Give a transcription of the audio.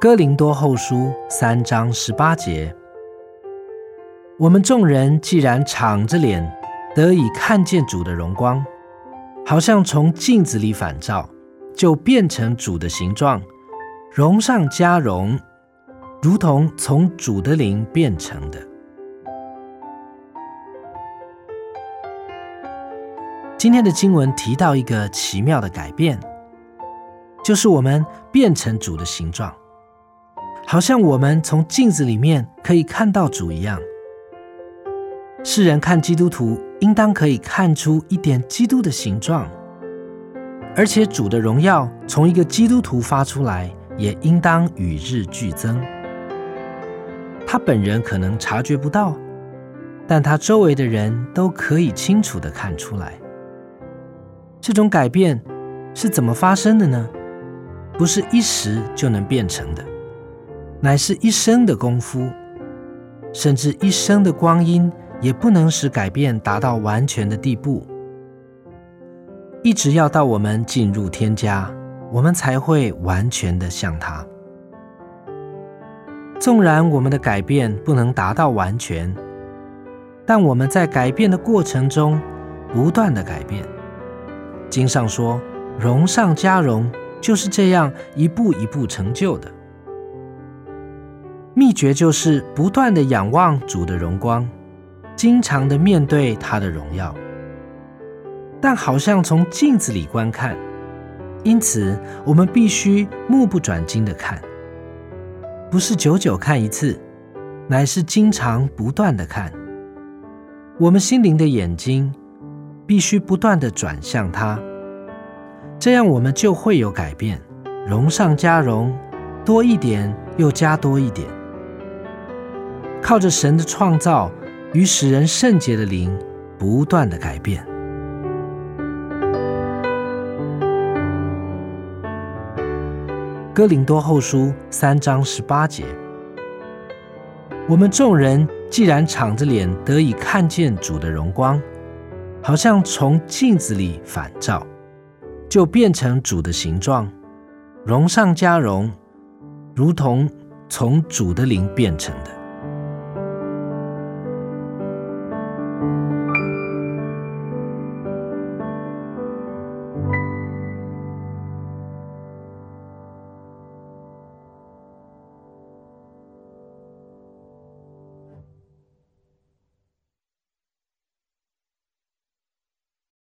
哥林多後書三章十八節，我們眾人既然敞着臉得以看見主的榮光，好像從鏡子裡反照，就變成主的形狀，榮上加榮，如同從主的靈變成的。今天的經文提到一個奇妙的改變，就是我們變成主的形狀。好像我們從鏡子裡面可以看到主一樣，世人看基督徒，應當可以看出一點基督的形狀，而且主的榮耀從一個基督徒發出來，也應當與日俱增。他本人可能察覺不到，但他周圍的人都可以清楚的看出來。這種改變是怎麼發生的呢？不是一時就能變成的。乃是一生的功夫，甚至一生的光陰也不能使改變達到完全的地步。一直要到我們進入天家，我們才會完全的像他。縱然我們的改變不能達到完全，但我們在改變的過程中不斷的改變。經上說“榮上加榮”，就是這樣一步一步成就的。秘訣就是不斷的仰望主的榮光，經常的面對他的榮耀，但好像從鏡子裡觀看，因此我們必須目不轉睛的看，不是久久看一次，乃是經常不斷的看。我們心靈的眼睛必須不斷的轉向他，這樣我們就會有改變，榮上加榮，多一點又加多一點。靠着神的創造與使人聖潔的靈，不斷的改變。哥林多後書三章十八節，我們眾人既然敞着臉得以看見主的榮光，好像從鏡子裡反照，就變成主的形狀，榮上加榮，如同從主的靈變成的。